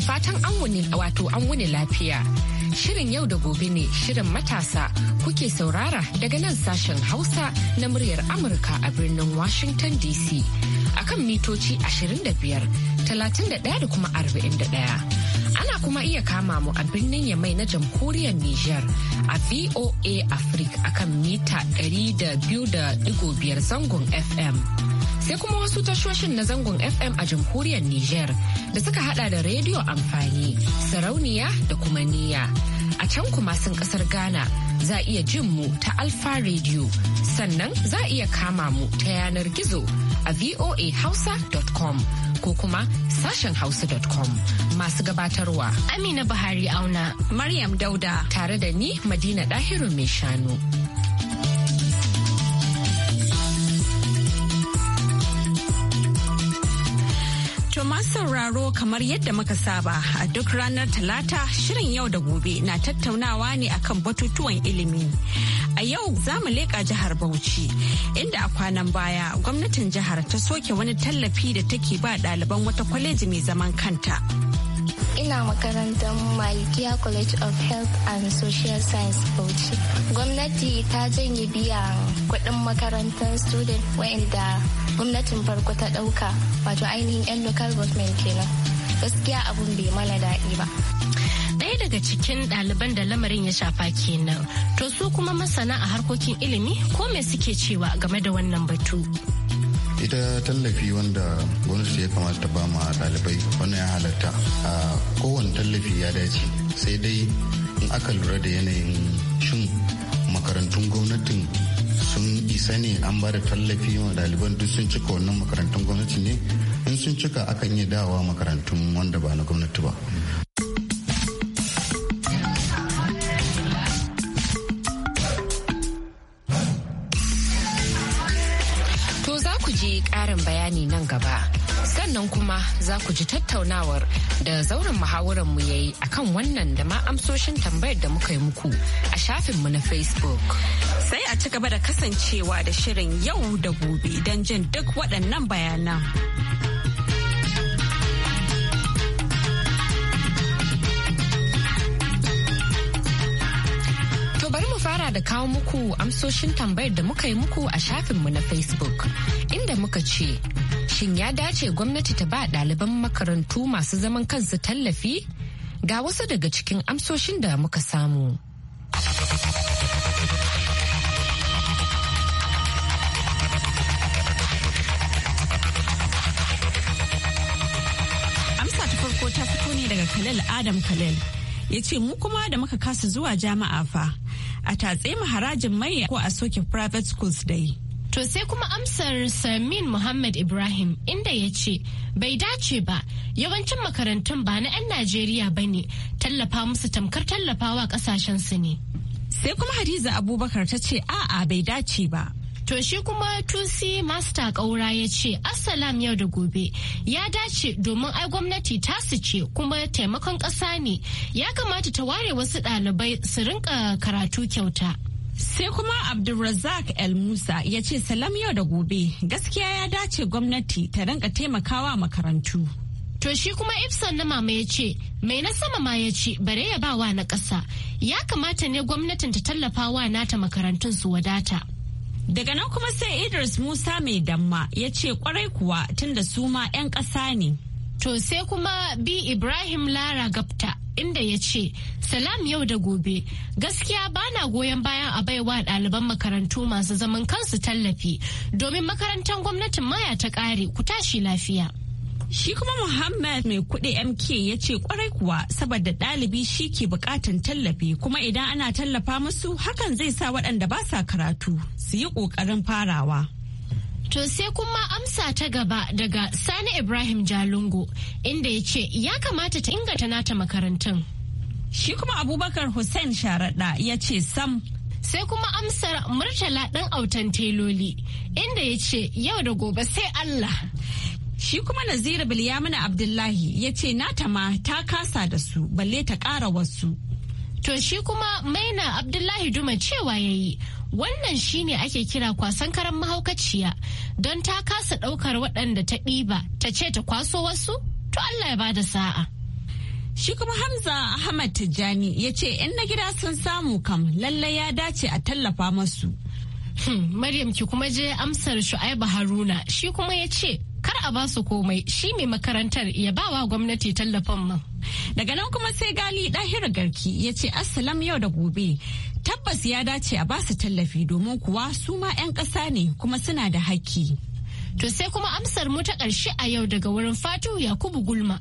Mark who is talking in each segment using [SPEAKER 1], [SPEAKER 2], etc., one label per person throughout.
[SPEAKER 1] da fatan an wuni wato an wuni lafiya. Shirin yau da gobe ne shirin matasa kuke saurara daga nan sashen Hausa na muryar Amurka a birnin Washington DC akan mitoci 25, da kuma 41. Ana kuma iya kama mu a birnin Yamai na jamhuriyar Niger a VOA Africa akan mita 200.5 zangon FM. sai kuma wasu tashoshin na zangon FM a jamhuriyar niger da suka hada da rediyo amfani, sarauniya da kuma niyya. A can kuma sun kasar Ghana za iya jin mu ta Alfa Radio sannan za a iya kama mu ta yanar gizo a voahausa.com ko kuma sashen hausa.com masu gabatarwa Amina Buhari auna Maryam Dauda tare da ni Madina Dahiru mai shanu.
[SPEAKER 2] sauraro kamar yadda muka saba a duk ranar talata shirin yau da gobe na tattaunawa ne akan batutuwan ilimi. A yau za mu leƙa jihar Bauchi inda a kwanan baya gwamnatin jihar ta soke wani tallafi da take ba ɗaliban wata kwaleji mai zaman kanta.
[SPEAKER 3] ina makarantar Malikiya College of Health and Social Science Bauchi. Gwamnati ta janye biyan kuɗin makarantar student wa'inda gwamnatin farko ta ɗauka wato ainihin 'yan local government kenan. Gaskiya abun bai mana daɗi ba. ɗaya daga
[SPEAKER 4] cikin ɗaliban da lamarin ya shafa kenan to su kuma masana a harkokin ilimi ko me suke cewa game da wannan batu
[SPEAKER 5] ita tallafi wanda gwamnati ya kamata ta ba ma ɗalibai wannan ya halatta a kowane tallafi ya dace sai dai in aka lura da yanayin shin makarantun gwamnatin sun isa ne an ba da tallafi wa ɗaliban duk sun cika wannan makarantun gwamnati ne in sun cika akan yi dawa makarantun wanda ba na gwamnati ba
[SPEAKER 1] ƙarin bayani nan gaba. Sannan kuma za ku ji tattaunawar da zauren muhawaranmu ya yi akan wannan da ma
[SPEAKER 2] amsoshin tambayar da muka yi muku a shafinmu na Facebook. Sai a ci gaba da kasancewa da shirin yau da gobe don jin duk waɗannan bayanan.
[SPEAKER 1] da kawo muku amsoshin tambayar da muka yi muku a shafinmu na Facebook, inda muka ce, Shin ya dace gwamnati ta ba ɗaliban makarantu masu zaman kansu tallafi? Ga wasu daga cikin amsoshin da muka samu.
[SPEAKER 2] Amsa ta farko ta fito ne daga Khalil Adam Khalil. ya ce mu kuma da muka kasa zuwa jama'a fa a tatse mu harajin mai ko a soke private schools dai. To sai kuma amsar Samin Muhammad Ibrahim inda ya ce
[SPEAKER 4] bai dace ba yawancin makarantun ba na 'yan Najeriya ba ne tallafa musu tamkar tallafawa kasashen su ne. Sai kuma Hadiza Abubakar ta ce a'a bai dace ba To shi kuma Tusi Master Kaura ya ce Assalam yau da gobe ya dace domin ai gwamnati ta su ce kuma taimakon ƙasa ne ya kamata ta
[SPEAKER 2] ware wasu ɗalibai su rinka karatu kyauta. Sai kuma Abdulrazak El Musa ya ce salam yau da gobe gaskiya ya dace gwamnati ta rinka taimakawa makarantu. To shi kuma Ibsen na mama ya ce, mai na sama ma ya ce bare ya ba
[SPEAKER 4] wa na ƙasa, ya kamata ne gwamnatin ta tallafa wa nata makarantun su wadata.
[SPEAKER 2] Daga nan kuma sai Idris Musa mai damma ya ce kwarai kuwa tunda su ma 'yan ƙasa ne. To sai kuma bi Ibrahim Lara Gapta inda ya ce,
[SPEAKER 4] Salam yau da gobe, gaskiya bana goyon bayan a baiwa ɗaliban makarantu masu zaman kansu tallafi, domin makarantar gwamnatin maya ta ƙare ku tashi lafiya.
[SPEAKER 2] Shi kuma Muhammad mai kuɗi MK ya ce kwarai kuwa saboda ɗalibi shi ke buƙatan tallafi kuma idan ana tallafa musu hakan zai sa waɗanda ba sa karatu su yi ƙoƙarin farawa.
[SPEAKER 4] To sai kuma amsa ta gaba daga Sani Ibrahim Jalungo inda ya ce ya kamata ta inganta nata makarantun. Shi kuma Abubakar Hussein Sharaɗa ya ce sam sai kuma amsar murtala ɗan
[SPEAKER 2] autan teloli inda ya ce yau da gobe sai Allah. Shi kuma Naziru Bilyamina Abdullahi ya ce nata ma ta kasa da su balle ta kara wasu. To shi kuma Maina Abdullahi Duma cewa ya yi wannan shine ake
[SPEAKER 4] kira kwasan karan mahaukaciya don ta kasa ɗaukar waɗanda ta ɗiba ta ce ta
[SPEAKER 2] kwaso wasu to Allah ya bada sa'a. Shi kuma Hamza Ahmad Tijjani ya ce in na gida sun samu kam lallai ya dace a tallafa masu.
[SPEAKER 4] Hmm, Maryam ki kuma je amsar Shu'aibu Haruna shi kuma ya ce ba su komai shi
[SPEAKER 2] mai makarantar ya ba wa gwamnati tallafin man. Daga nan kuma sai gali ɗahira garki ya ce assalam yau da gobe. Tabbas ya dace a ba su tallafi domin kuwa su ma 'yan ƙasa ne kuma suna da hakki. To sai kuma amsar mu ta ƙarshe a yau daga
[SPEAKER 4] wurin Fatu Yakubu Gulma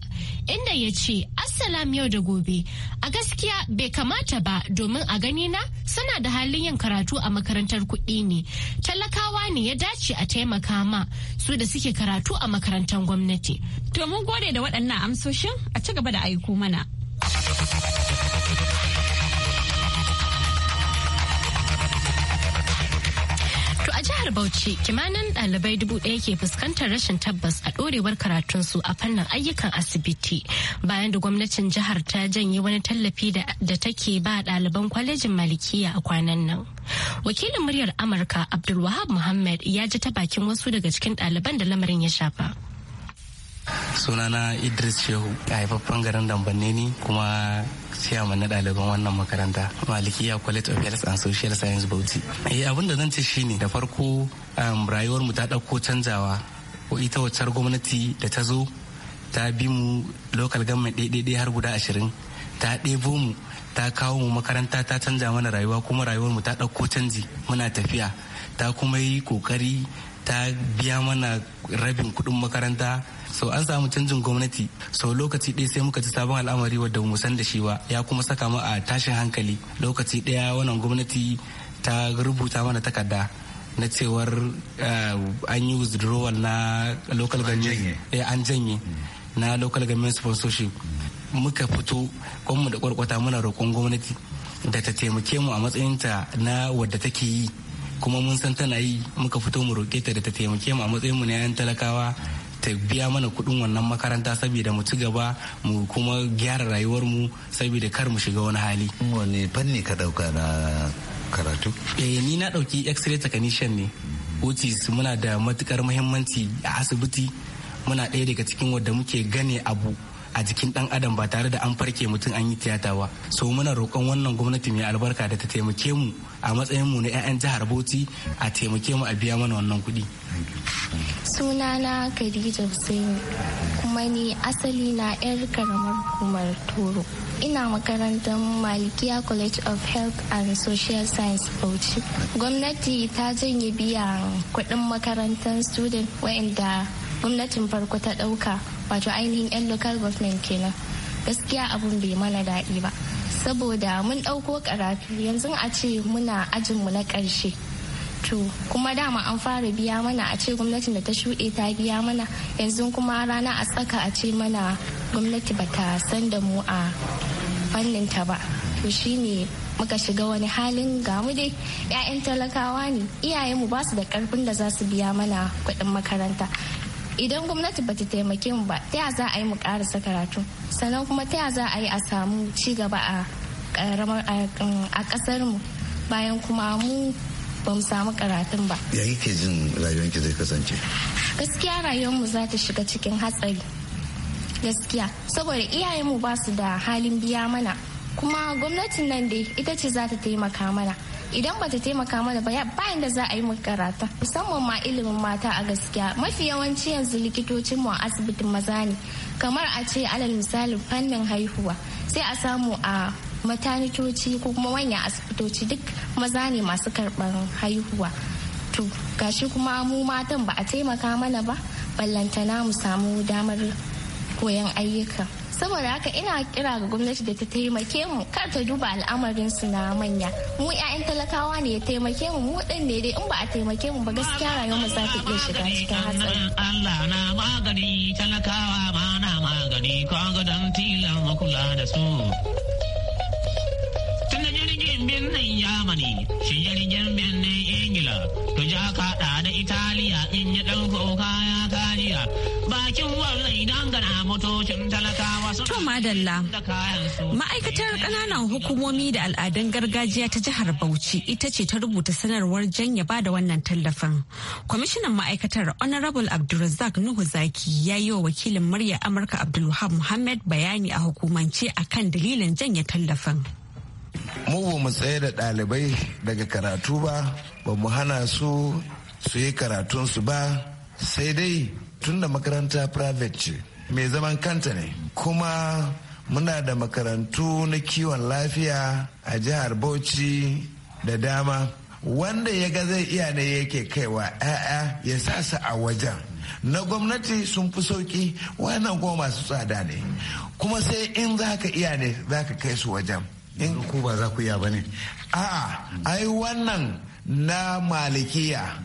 [SPEAKER 4] inda ya ce Assalam yau da gobe a gaskiya bai kamata ba domin a gani na suna da halin yin karatu a makarantar kuɗi ne. Talakawa ne ya dace a taimaka ma su da suke karatu a makarantar gwamnati.
[SPEAKER 2] To mun gode da waɗannan amsoshin a ci gaba da aiko mana.
[SPEAKER 4] jihar Bauchi kimanin ɗalibai dubu ɗaya ke fuskantar rashin tabbas a ɗorewar karatunsu a fannin ayyukan asibiti bayan da gwamnatin jihar ta janye wani tallafi da take ba ɗaliban kwalejin malikiya a kwanan nan. Wakilin muryar Amurka Abdulwahab Muhammad ya ji ta bakin wasu daga cikin ɗaliban da lamarin ya shafa.
[SPEAKER 6] sunana idris shehu a haifaffen garin dambanne ne kuma ciyaman na ɗaliban wannan makaranta malikiya college of health and social science bauchi eh abin da zan ce shine da farko um, rayuwar mu ta ɗauko canjawa ko ita waccar gwamnati da ta zo ta bi mu local government ɗaiɗaiɗai har guda ashirin ta ɗebo mu ta kawo mu makaranta ta canja mana rayuwa kuma rayuwar mu ta ɗauko canji muna tafiya ta kuma yi ƙoƙari ta biya mana rabin kuɗin makaranta so an samu canjin gwamnati so lokaci ɗaya sai muka ci sabon al'amari wadda mu san da shi ba ya kuma saka mu a tashin hankali lokaci ɗaya wannan gwamnati ta rubuta mana takarda na cewar eh, an yi withdrawal na local an janye eh, hmm. na local government sponsorship hmm. muka fito kwanmu da kwarkwata muna roƙon gwamnati da ta taimake mu a matsayinta na wadda take yi kuma mun san tana yi muka fito mu roƙe ta da ta taimake mu a matsayin mu na yan talakawa ta biya mana kuɗin wannan makaranta saboda mu ci gaba mu kuma gyara rayuwar mu saboda kar mu shiga wani hali wani fanni ka dauka na karatu eh ni na ɗauki x-ray technician ne which muna da matukar muhimmanci a asibiti muna ɗaya daga cikin wadda muke gane abu a jikin dan adam ba tare da an farke mutum an yi tiyata ba so muna roƙon wannan gwamnati mai albarka da ta taimake mu a matsayin mu na 'ya'yan jihar bauchi a taimake mu a biya mana wannan kuɗi
[SPEAKER 3] sunana khadija hussein kuma ni asali na 'yar karamar hukumar toro ina makarantar malikiya college of health and social science bauchi gwamnati ta janye biyan kuɗin makarantar student wa'inda gwamnatin farko ta dauka wato ainihin 'yan local government kenan gaskiya abun bai mana daɗi ba saboda mun ɗauko karatu yanzu a ce muna ajinmu na ƙarshe to kuma dama an fara biya mana a ce gwamnatin da ta shuɗe ta biya mana yanzu kuma rana a tsaka a ce mana gwamnati ba ta san da mu a fannin ta ba to shine muka shiga wani halin gamu dai 'ya'yan talakawa ne iyayenmu ba su da karfin da za su biya mana kuɗin makaranta idan gwamnati bata taimake mu ba ta za a yi mu karasa karatu sannan kuma ta za a yi a samu ci gaba a a kasar um, mu bayan kuma mu ba mu samu karatun ba
[SPEAKER 7] ya ke jin rayuwanki zai kasance
[SPEAKER 3] gaskiya rayuwar mu za ta shiga cikin hatsari gaskiya saboda iyayen mu ba su da halin biya mana kuma gwamnatin nan dai ita ce za ta taimaka mana idan bata taimaka mana ba bayan da za a yi mu karata musamman ma ilimin mata a gaskiya mafi yawanci yanzu likitocin mu a asibitin maza ne kamar a ce alal misali fannin haihuwa sai a samu a matanitoci ko kuma manyan asibitoci duk maza ne masu karɓar haihuwa to gashi kuma mu matan ba a taimaka mana ba ballantana mu samu damar koyan ayyuka saboda haka ina kira ga gwamnati da ta taimake mu kar ta duba al'amarin su na manya mu 'ya'yan talakawa ne ya taimake mu mu din ne dai in ba a taimake mu ba gaskiya rayuwar mu za ta iya shiga cikin hatsari
[SPEAKER 8] Allah na magani
[SPEAKER 3] talakawa
[SPEAKER 8] ma na magani ga dan tilan kula da su birnin Yamani, shi jirgin birnin Ingila, to
[SPEAKER 2] ja kaɗa da Italiya in ya ɗauko kaya bakin wannan To madalla. Ma'aikatar ƙananan hukumomi da al'adun gargajiya ta jihar Bauchi ita ce ta rubuta sanarwar janya ba da wannan tallafin. Kwamishinan ma'aikatar Honorable Abdulrazak Nuhu Zaki ya yi wa wakilin murya Amurka Abdulwahab Muhammad bayani a hukumance akan dalilin janya tallafin.
[SPEAKER 8] Mu ba mu tsaye da ɗalibai daga karatu ba, ba mu hana su su yi karatunsu ba, sai dai tunda makaranta private ce mai zaman kanta ne kuma muna da makarantu na kiwon lafiya a jihar bauchi da dama wanda ya ga zai iya ne yake kaiwa 'ya'ya ya sa a wajen na gwamnati sun fi sauki wannan kuma masu tsada ne kuma sai in za ka iya ne za ka kai su wajen in ku ba za ku iya ba ne a'a ai wannan na malikiya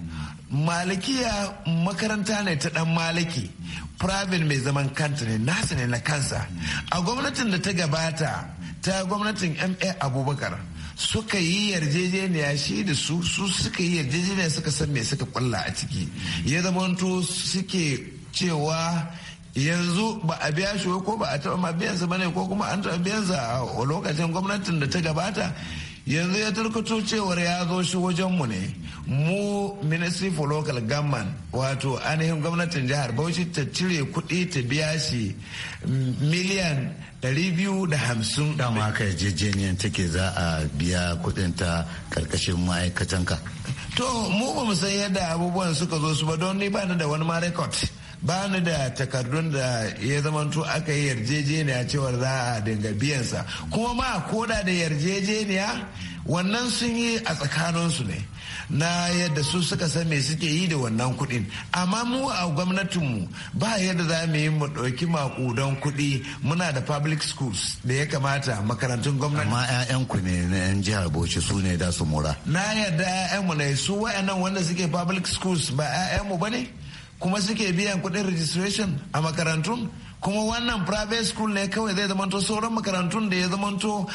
[SPEAKER 8] malikiya makaranta ne ta dan maliki private mai zaman kanta ne nasa ne na kansa a gwamnatin da ta gabata ta gwamnatin ma abubakar suka yi yarjejeniya shi da su su suka yi yarjejeniya suka san me suka kwalla a ciki ya zama zamanto suke cewa yanzu ba a biya shi ko ba a taba ma biyan ba bane ko kuma an taɓa biyansa a lokacin gwamnatin da ta gabata yanzu ya turkuto cewar ya zo shi wajenmu ne mu ministry for local government wato ainihin gwamnatin jihar bauchi ta cire kuɗi ta
[SPEAKER 7] biya shi
[SPEAKER 8] miliyan
[SPEAKER 7] 250 da maka yarjejeniyar take za a biya kuɗin ta karkashin ma'aikatanka
[SPEAKER 8] to mu ba mu san yadda abubuwan suka zo su ba don ni ba da wani ma record ba ni da takardun da ya zamanto aka yi yarjejeniya cewar za a dinga biyansa kuma ma koda da yarjejeniya wannan sun yi a tsakaninsu ne na yadda su suka san me suke yi da wannan kuɗin amma mu a gwamnatinmu ba yadda za mu yi mu ɗauki makudan kuɗi muna da public schools da ya kamata makarantun gwamnati amma
[SPEAKER 7] ƴaƴanku ne na 'yan jihar bauchi su ne da su mura
[SPEAKER 8] na yadda ƴaƴanmu ne su wa'annan wanda suke public schools ba ƴaƴanmu ba ne kuma suke biyan kuɗin registration a makarantun kuma wannan private school ne kawai zai zamanto sauran makarantun da ya zamanto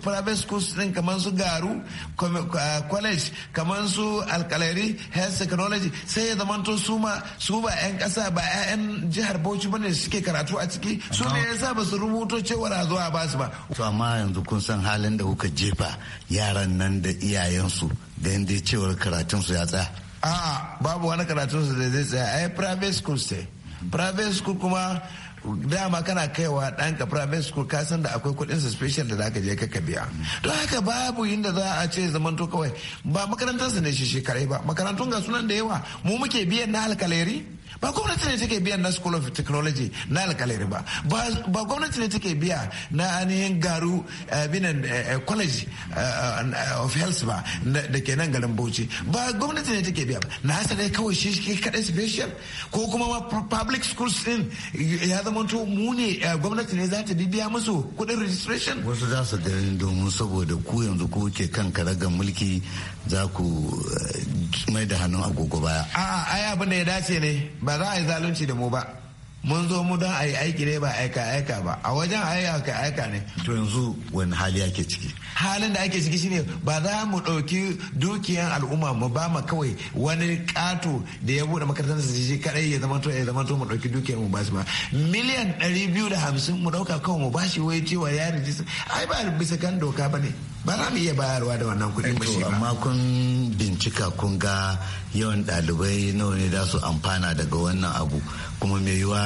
[SPEAKER 8] private schools din kamar su garu uh, college kamar su alkalari health technology sai ya zamanto su ma su ba 'yan kasa ba 'ya'yan jihar bauchi bane suke karatu a ciki su ne yasa ba su rubuto cewa a zuwa ba su ba
[SPEAKER 7] to amma yanzu kun san halin da kuka jefa yaran nan da iyayensu da yanda cewar karatunsu ya tsaya
[SPEAKER 8] a'a babu wani karatun su da zai tsaya ai private school ce private school kuma dama kana kaiwa ɗanka private school ka san da akwai kuɗin su special da zaka je ka ka biya to haka babu inda za a ce zamanto kawai ba makarantar su ne shi shekarai ba makarantun ga sunan da yawa mu muke biyan na alkaleri ba gwamnati ne take biya na school of technology na alkalari ba ba gwamnati ne take biya na ainihin garu eh, binan eh, eh, college of health ba da ke nan garin bauchi ba gwamnati ne take biya na hasa dai kawai shi shi kaɗai special ko kuma ma public schools din ya zama to mu ne gwamnati ne za ta bibiya musu kuɗin
[SPEAKER 7] registration wasu za su garin domin saboda ku yanzu ko ke kan karagar mulki za ku mai da hannun agogo baya
[SPEAKER 8] a'a ai abin da ya dace ne ba za a yi zalunci da mu ba mun zo mu don a yi aiki ne ba aika aika ba a wajen aika aika ne to
[SPEAKER 7] yanzu wani hali ake ciki
[SPEAKER 8] halin da ake ciki shine ba za mu ɗauki dukiyan al'umma mu ba ma kawai wani ƙato da ya buɗe makarantar su shi kadai ya zama to ya zama to mu ɗauki dukiyan mu ba shi ba miliyan ɗari biyu da hamsin mu ɗauka kawai mu ba shi wai cewa ya rijista ai ba bisa kan doka ba ne ba za mu iya bayarwa da wannan kuɗin eh ba amma
[SPEAKER 7] kun bincika kun ga yawan ɗalibai nawa ne za su amfana daga wannan abu kuma mai yiwa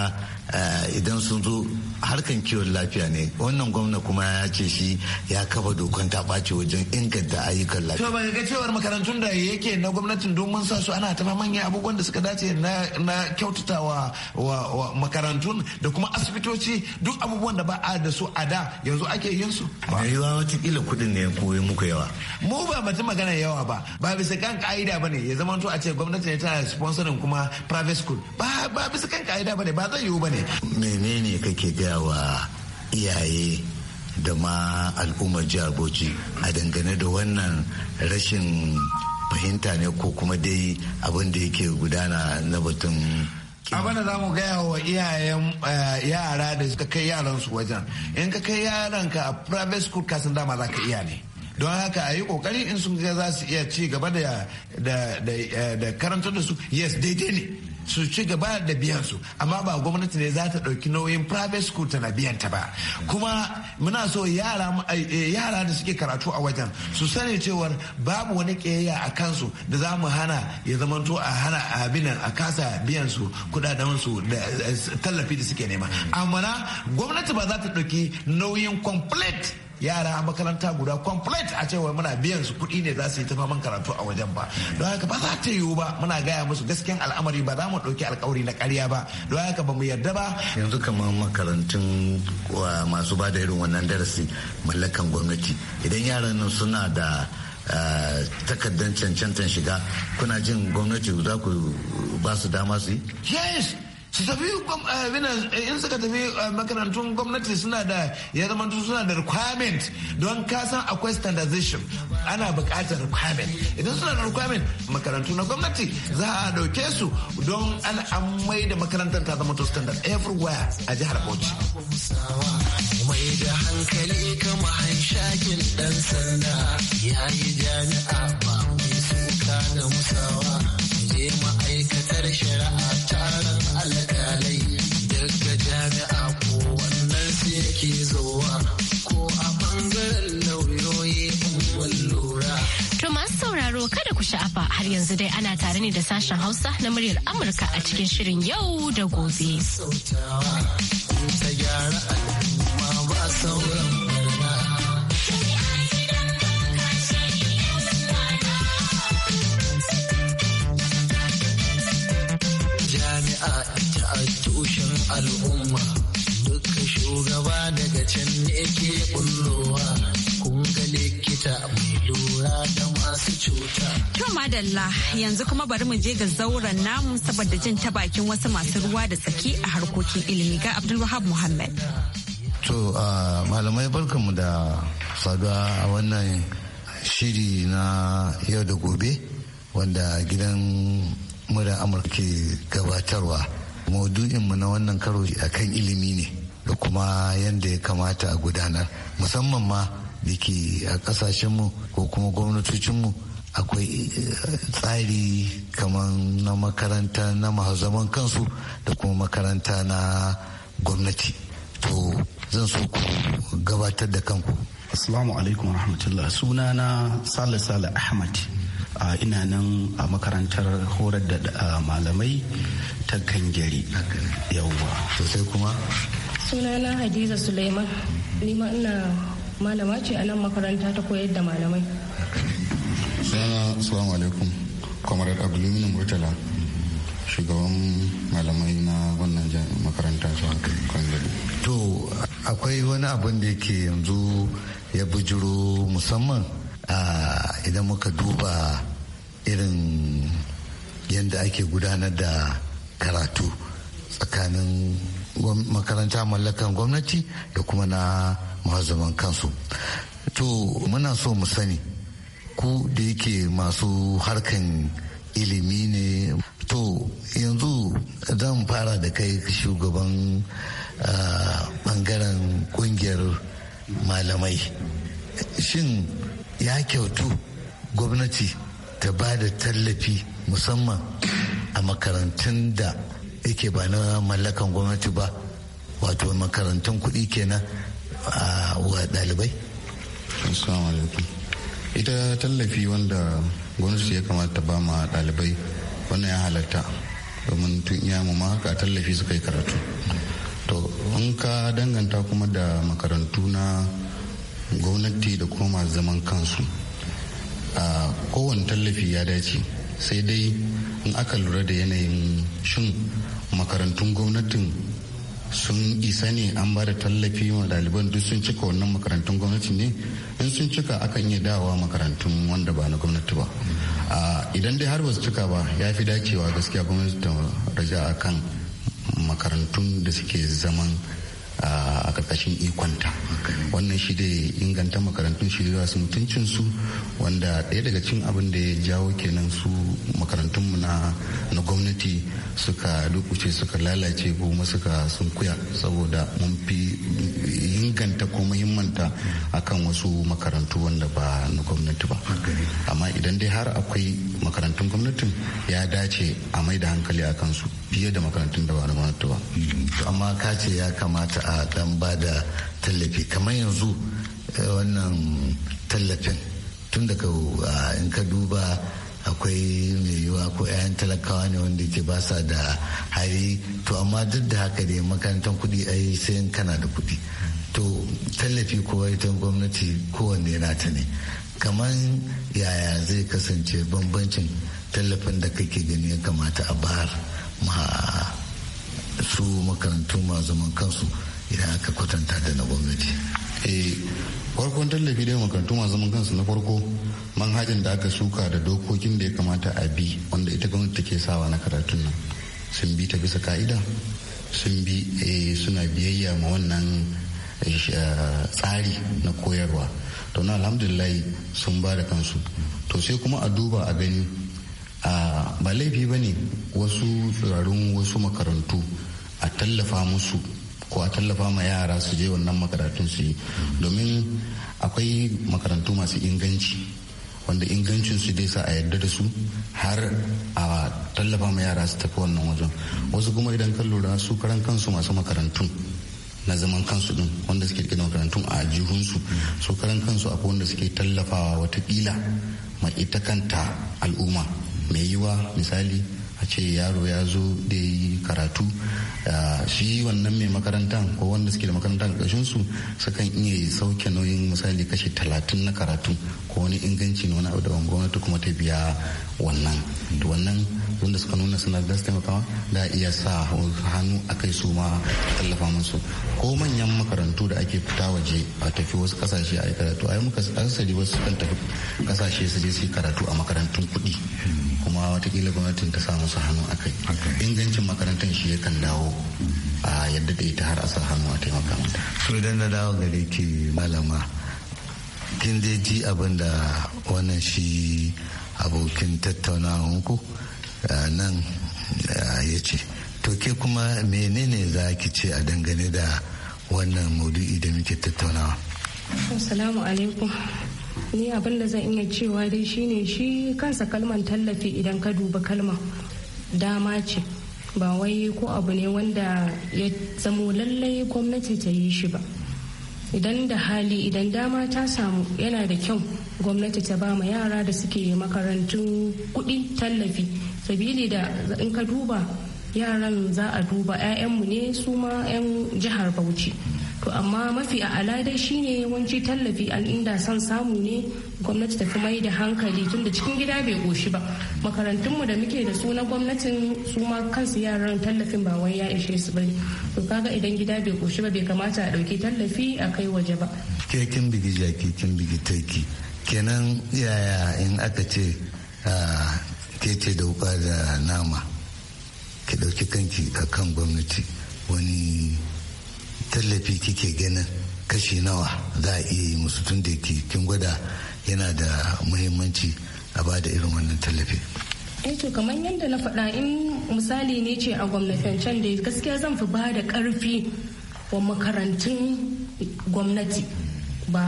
[SPEAKER 7] Eh, idan sun zo harkan kiwon lafiya ne wannan gwamna kuma ya ce shi ya kafa dokan ta ɓace wajen inganta ayyukan lafiya.
[SPEAKER 8] To ga cewar makarantun da yake na gwamnatin domin sa su ana tafa manyan abubuwan da suka dace na kyautatawa wa makarantun da kuma asibitoci duk abubuwan da ba a da su a da yanzu ake yin su. Mai
[SPEAKER 7] yiwa watakila kuɗin ne koyi muku yawa.
[SPEAKER 8] Mu ba mutum magana yawa ba ba bisa kan ka'ida ba ne ya zama to a ce gwamnati ne ta sponsorin kuma private school ba bisa kan ka'ida ba ne ba zai yiwu ba ne.
[SPEAKER 7] menene kake gaya wa iyaye da ma al'ummar jihar bauchi a dangane da wannan rashin fahimta ne ko kuma dai abin da yake gudana na batun
[SPEAKER 8] da za mu gaya wa iyayen eh, yara da suka kai yaransu wajen in ka kai yaranka a private school kasan dama za ka iya ne don haka a yi kokari in sun ga za su iya ci gaba da eh, karanta da su yes daidai ne su ci gaba da biyan su amma ba gwamnati ne za ta ɗauki nauyin private school tana biyan ta ba kuma muna so yara eh, eh, yara da suke karatu a wajen su sani cewar babu wani kiyayya a kansu da za mu hana ya zamanto a hana abinan a kasa biyan su kudaden su da tallafi da suke nema amma gwamnati ba za ta ɗauki nauyin complete yara a makaranta guda complete a cewa muna biyan su kuɗi ne za su yi ta faman karatu a wajen ba don haka ba za ta yiwu ba muna gaya musu gaskiyan al'amari ba za mu ɗauki alkawari na karya ba don haka ba mu yarda ba
[SPEAKER 7] yanzu kamar makarantun masu ba da irin wannan darasi mallakan gwamnati idan yaran nan suna da eh, takardar cancantar shiga kuna jin gwamnati za ku ba su dama su yi
[SPEAKER 8] yes su tafi eh, eh, in suka tafi eh, makarantun gwamnati suna da ya zama suna da requirement don kasan akwai standardization ana bukatar requirement idan suna da requirement makarantu na gwamnati za a ɗauke su don an mai da makarantar ta zama to standard everywhere a jihar bauchi
[SPEAKER 7] mai da hankali kama dan sanda ya jami'a ba da musawa ma'aikatar shari'a tare alƙalai daga jami'a ko wannan sai yake zowa ko a ɓangaren lauyoyi in lura.
[SPEAKER 4] To masu sauraro kada ku sha'afa har yanzu dai ana tare ne da sashen Hausa na muryar Amurka a cikin shirin yau da gobe.
[SPEAKER 7] Sautawa, ta gyara al'umma ba sauran jami'a ita a tushen al'umma duka shugaba daga can ne ke bullowa kun ga likita mai lura da masu cuta.
[SPEAKER 2] Kyau madalla yanzu kuma bari mu je ga zauren namu saboda jin ta bakin wasu masu ruwa da tsaki a harkokin ilimi ga Abdulwahab Muhammad.
[SPEAKER 7] To malamai barkanmu da saduwa a wannan shiri na yau da gobe wanda gidan murar amurka gabatarwa mu na wannan karo akan ilimi ne da kuma yadda ya kamata a gudanar musamman ma da ke a kasashenmu ko kuma gwamnatocinmu akwai eh, tsari kamar na makaranta na zaman kansu da kuma makaranta na gwamnati to zan so ku gabatar da kanku assalamu
[SPEAKER 9] alaikum rahmatullah na sale sale ahmad ina nan a makarantar horar da malamai ta kangari yawwa sosai
[SPEAKER 5] kuma
[SPEAKER 10] sunana hadiza suleiman nima ina malama ce a nan makaranta ta koyar da malamai
[SPEAKER 5] sunana salamu alaikum kwamarar abulimini murtala shugaban malamai na wannan makaranta su
[SPEAKER 7] kangari to akwai wani abin da yake yanzu ya bujuro musamman idan muka duba irin yadda ake gudanar da karatu tsakanin makaranta mallakan gwamnati da kuma na mazaman kansu to muna so mu sani ku da yake masu harkan ilimi ne to yanzu zan fara da kai shugaban bangaren kungiyar malamai shin ya kyautu gwamnati ta ba da tallafi musamman a makarantun da yake ba na mallakan gwamnati ba wato makarantun kuɗi kenan a wa ɗalibai
[SPEAKER 5] ita tallafi wanda gwamnati ya kamata ta ba ma ɗalibai wannan ya halatta domin tun iya mu haka tallafi suka yi karatu to in ka danganta kuma da makarantu na gwamnati da kuma zaman kansu a kowane tallafi ya dace sai dai in aka lura da yanayin shin makarantun gwamnatin sun isa ne an ba da tallafi wa ɗaliban duk sun cika wannan makarantun gwamnati ne in sun cika akan iya dawowa makarantun wanda ba na gwamnati ba idan dai har ba su cika ba ya fi dacewa gaskiya gwamnati ta raja kan makarantun da suke zaman a karkashin ikonta wannan shi da inganta makarantun shi da mutuncin su wanda ɗaya daga cin abin da ya jawo kenan su mu na na gwamnati suka lukuce suka lalace ko kuma suka kuya saboda mun fi inganta ko muhimmanta akan wasu makarantu wanda ba na gwamnati ba amma idan dai har akwai makarantun gwamnatin
[SPEAKER 7] ya dace a mai da hankali a su fiye da makarantun da ba na gwamnati ba hmm. amma ka ce ya kamata a dan ba da tallafi kamar yanzu eh, wannan tallafin tun daga in ka duba akwai mai yiwuwa ko 'ya'yan talakawa ne wanda ke ba sa da hari to amma duk da haka dai makarantar kuɗi yi sai kana da kuɗi to tallafi ko ita gwamnati kowanne yana ta ne kamar yaya zai kasance bambancin tallafin da kake gani ya kamata a bayar ma su makarantu ma zaman kansu idan aka kwatanta da na gwamnati eh farkon tallafi da
[SPEAKER 5] makarantu masu zaman kansu na farko manhajin da aka suka da dokokin da ya kamata a bi wanda ita gwamnati take sawa na karatun nan sun bi ta bisa ka'ida sun bi eh, suna biyayya ma wannan eh, eh, tsari na koyarwa to na alhamdulillah sun ba da kansu to sai kuma a duba a gani ba laifi ba ne wasu tsirarun wasu makarantu a tallafa musu ko a tallafa ma yara su je wannan makarantun su yi domin akwai makarantu masu inganci wanda ingancin su dai sa a yarda da su har a tallafa ma yara su tafi wannan wajen wasu kuma idan kan lura su karan kansu masu makarantu na zaman kansu din wanda suke gina makarantun a jihunsu su karan kansu akwai wanda suke tallafawa watakila ma ita kanta al'umma mai yiwa misali a ce yaro ya zo da yi karatu ah, shi wannan mai makarantar ko wanda suke da makarantar ƙarshen su sukan iya sauke nauyin misali kashi talatin na karatu ko wani inganci na wani abu da gwamnati kuma ta biya wannan to wannan wanda suka nuna suna da taimakawa da iya sa hannu a kai su ma tallafa musu ko manyan makarantu da ake fita waje a tafi wasu kasashe a yi karatu a yi muka asali wasu kan tafi kasashe su je su yi karatu a makarantun kuɗi kuma watakila gwamnatin ta samu su hannu kai ingancin makarantar shi yakan dawo a yadda da ita
[SPEAKER 7] har a sa hannu a taimaka mata so idan na dawo gare ki malama kin dai ji abin da wannan shi abokin ku nan ya ce to ke kuma menene za ki ce a dangane da wannan maudu'i da muke tattaunawa
[SPEAKER 10] assalamu alaikum ne abin da zan iya cewa dai shine shi kansa kalman tallafi idan ka duba kalma dama ce ba wai ko abu ne wanda ya zamo lallai gwamnati ta yi shi ba idan da hali idan dama ta samu yana da kyau gwamnati ta ba ma yara da suke makarantun kudi tallafi sabili da in ka duba yaran za a duba 'ya'yanmu ne su ma 'yan jihar bauchi amma mafi a'ala dai shine yawanci tallafi al'inda son samu ne gwamnati ta fi mai da hankali tun da cikin gida bai goshi ba makarantunmu da muke da su na gwamnatin su ma kansu yaran tallafin ba wai ya ishe su bane to kaga idan gida bai goshi ba bai kamata a dauki tallafi a kai waje ba
[SPEAKER 7] kekin bigi ja kin bigi taiki kenan yaya in aka ce kece da wuka da nama ki dauki kanki a kan gwamnati wani tallafi kike ganin kashi nawa za a iya yi musu tun da kin gwada yana da muhimmanci a ba da irin wannan tallafi
[SPEAKER 10] ai eh to kamar yadda na faɗa in misali ne ce a gwamnatancen da gaskiya zan fi ba da ƙarfi wa makarantun gwamnati ba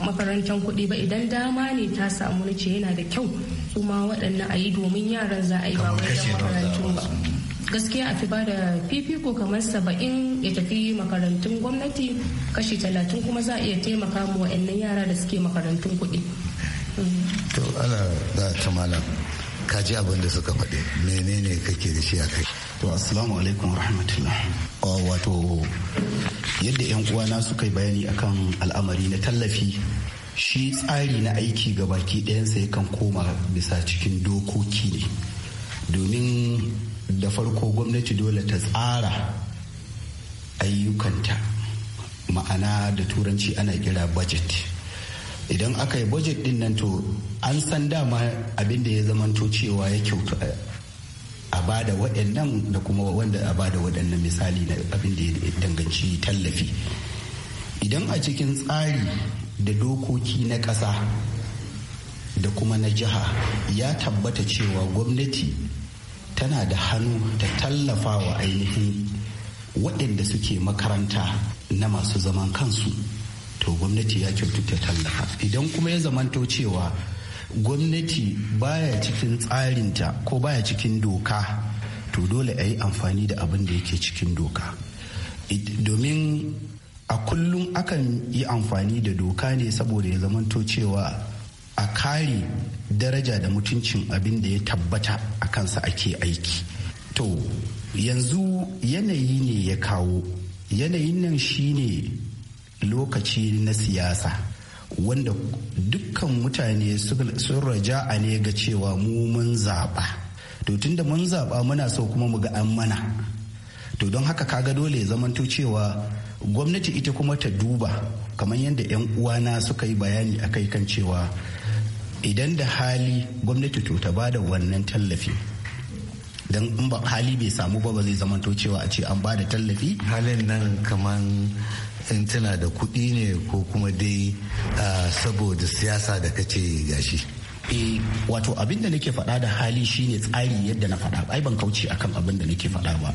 [SPEAKER 10] makarantar kuɗi ba idan dama ne ta samu ce yana da kyau kuma waɗannan a yi domin yaran za a yi ba wani makarantun ba gaskiya a fi ba da fifiko kamar saba'in ya tafi makarantun gwamnati kashi talatin kuma za a iya taimaka mu wa'annan yara da suke makarantun kuɗi.
[SPEAKER 7] to ana za ta malam ka ji abin da suka faɗi menene kake da shi a kai to assalamu alaikum wa rahmatullah wato
[SPEAKER 9] yadda yan uwana suka yi bayani akan al'amari na tallafi shi tsari na aiki ga baki ɗayansa yakan koma bisa cikin dokoki ne domin da farko gwamnati dole ta tsara ayyukanta ma'ana da turanci ana kira budget idan aka yi budget din nan to an san dama abin da ya zamanto cewa ya kyautu eh, a ba da waɗannan da kuma wanda a ba da waɗannan misali na abin da ya danganci tallafi idan a cikin tsari da dokoki na ƙasa da kuma na jiha ya tabbata cewa gwamnati tana da hannu ta tallafa wa ainihin waɗanda suke makaranta na masu zaman kansu to gwamnati ya kyautu ta tallafa idan kuma ya zamanto cewa gwamnati baya cikin tsarinta ko baya cikin doka to dole a yi amfani da abin da yake cikin doka domin a kullum akan yi amfani da doka ne saboda ya zamanto cewa a kare daraja da mutuncin abin da ya tabbata a kansa ake aiki to yanzu yanayi ne ya kawo yanayin nan shine lokaci na siyasa wanda dukkan mutane sun raja a ne ga cewa mu mun zaɓa to tun da mun zaɓa muna so kuma mu ga an mana to don haka kaga dole ya zamanto cewa gwamnati ita kuma ta duba kamar yadda 'yan uwana suka yi bayani a kai kan cewa idan da hali gwamnati to ta bada wannan tallafi
[SPEAKER 7] don in ba hali bai samu ba ba zai zamanto cewa a ce an bada tallafi halin nan kamar in tana da kuɗi ne ko kuma dai saboda siyasa da kace gashi e wato abin da nake faɗa da hali shine tsari
[SPEAKER 9] yadda na faɗa ai ban kauce akan abin da nake faɗa ba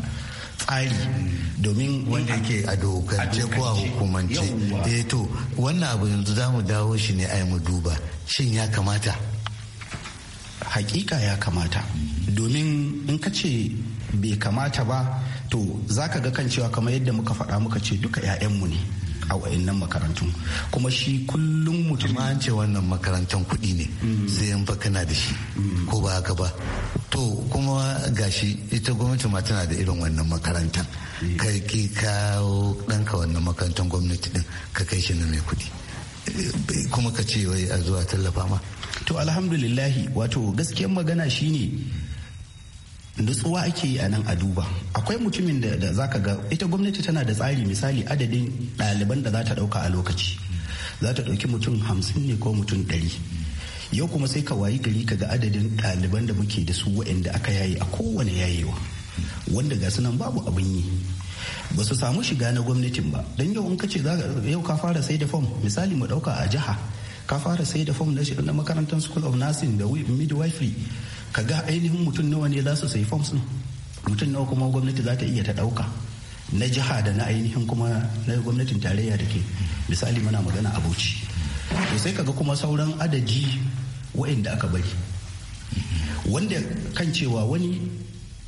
[SPEAKER 9] tsari domin wanda ke
[SPEAKER 7] a dokance ko a hukumance eh to wannan abu yanzu za mu dawo shi ne a mu duba shin ya kamata hakika ya kamata
[SPEAKER 9] domin in ka ce bai kamata ba to za ka ga kan cewa kamar yadda muka faɗa
[SPEAKER 7] muka ce duka 'ya'yanmu ne a wayannan makarantu kuma shi kullum mutum ma ce wannan makarantar kuɗi ne mm. sai yan kana da shi ko ba haka ba to kuma gashi ita gwamnati ma tana da irin wannan makarantan. Mm. ka ke kawo ɗanka wannan makarantar gwamnati din ka kai shi na mai kuɗi kuma ka ce wai a zuwa tallafa ma to alhamdulillahi wato gaskiyar magana shine
[SPEAKER 9] nutsuwa ake yi a nan a duba akwai mutumin da za ka ga ita gwamnati tana da tsari misali adadin ɗaliban da za ta ɗauka a lokaci za ta ɗauki mutum hamsin ne ko mutum ɗari yau kuma sai ka wayi gari ka ga adadin ɗaliban da muke da su waɗanda aka yaye a kowane yayewa wanda ga sunan babu abin yi ba su samu shiga na gwamnatin ba don yau in ka ce yau ka fara sai da fom misali mu ɗauka a jiha ka fara sai da fom na makarantar school of nursing da midwifery ka ga ainihin mutum nawa ne za su sayi forms din mutum nawa kuma gwamnati za ta iya ta ɗauka na jiha da na ainihin kuma na gwamnatin tarayya da ke misali muna magana a bauchi to sai kaga kuma sauran adadi wa'inda aka bari wanda kan cewa wani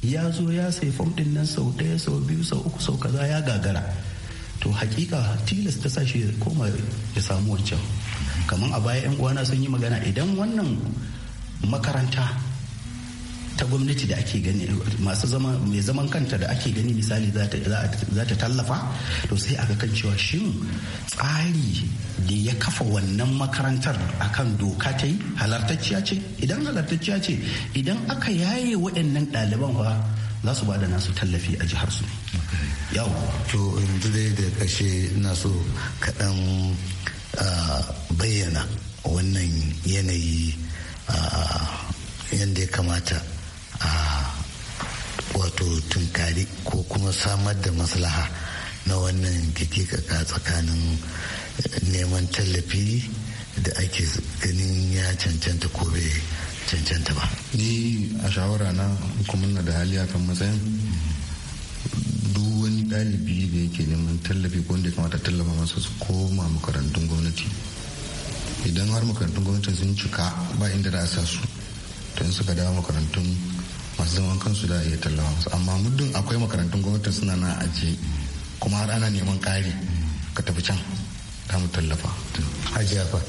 [SPEAKER 9] ya zo ya sai fom din nan sau ɗaya sau biyu sau uku sau kaza ya gagara to hakika tilas ta sa shi koma ya samu wancan kamar a baya yan uwana sun yi magana idan wannan makaranta ta gwamnati da ake gani masu zama mai zaman kanta da ake gani misali za ta tallafa to sai aka kan cewa shin tsari da ya kafa wannan makarantar akan doka ta yi halartacciya ce idan halartacciya ce idan aka yaye waɗannan ɗaliban fa za su bada nasu tallafi a jihar su yau to yanzu
[SPEAKER 7] dai da kashe na so kaɗan bayyana wannan yanayi yadda ya kamata wato tunkari ko kuma samar da maslaha na wannan kikikaka tsakanin eh, neman tallafi da ake ganin ya cancanta ko bai cancanta ba ni a shawara na
[SPEAKER 5] hukumar da hali kan matsayin duk wani ɗalibi da yake neman tallafi ko wanda ya kamata tallafa masa su koma makarantun gwamnati idan har makarantun gwamnati sun cika ba inda da a sa su don suka dawo makarantun masu zaman kansu da iya tallafa musu amma muddin akwai makarantun gwamnati suna na ajiye kuma har ana neman ƙari ka tafi can ta mu tallafa hajiya fa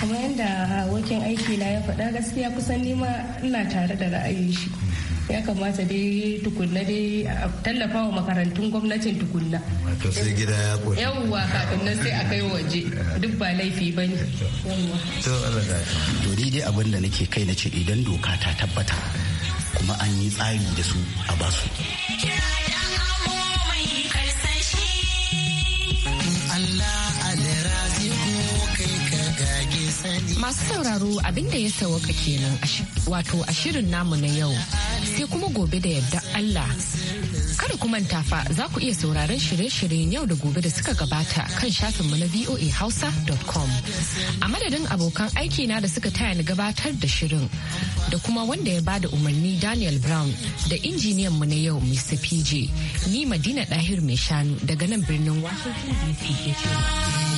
[SPEAKER 10] kamar yadda wakin aiki na ya faɗa gaskiya kusan nima ina tare da ra'ayin shi ya kamata dai tukunna dai a tallafa wa makarantun gwamnatin tukunna wato
[SPEAKER 7] sai gida ya
[SPEAKER 10] yawwa kafin nan sai a kai waje duk ba laifi ba ne
[SPEAKER 9] to dai abin da nake kai na ce idan doka ta tabbata kuma an yi tsari da su a basu.
[SPEAKER 1] Masu sauraro abinda ya sawaka kenan wato a shirin namu na yau sai kuma gobe da yadda Allah Kada ku manta fa za ku iya sauraron shirye-shiryen yau da gobe da suka gabata kan shafinmu na voahausa.com. A madadin abokan aiki na da suka taya ni gabatar da shirin da kuma wanda ya bada umarni Daniel Brown da injiniyan mu na yau Mr. PJ. Ni Madina Dahir mai shanu daga nan birnin Washington DC ke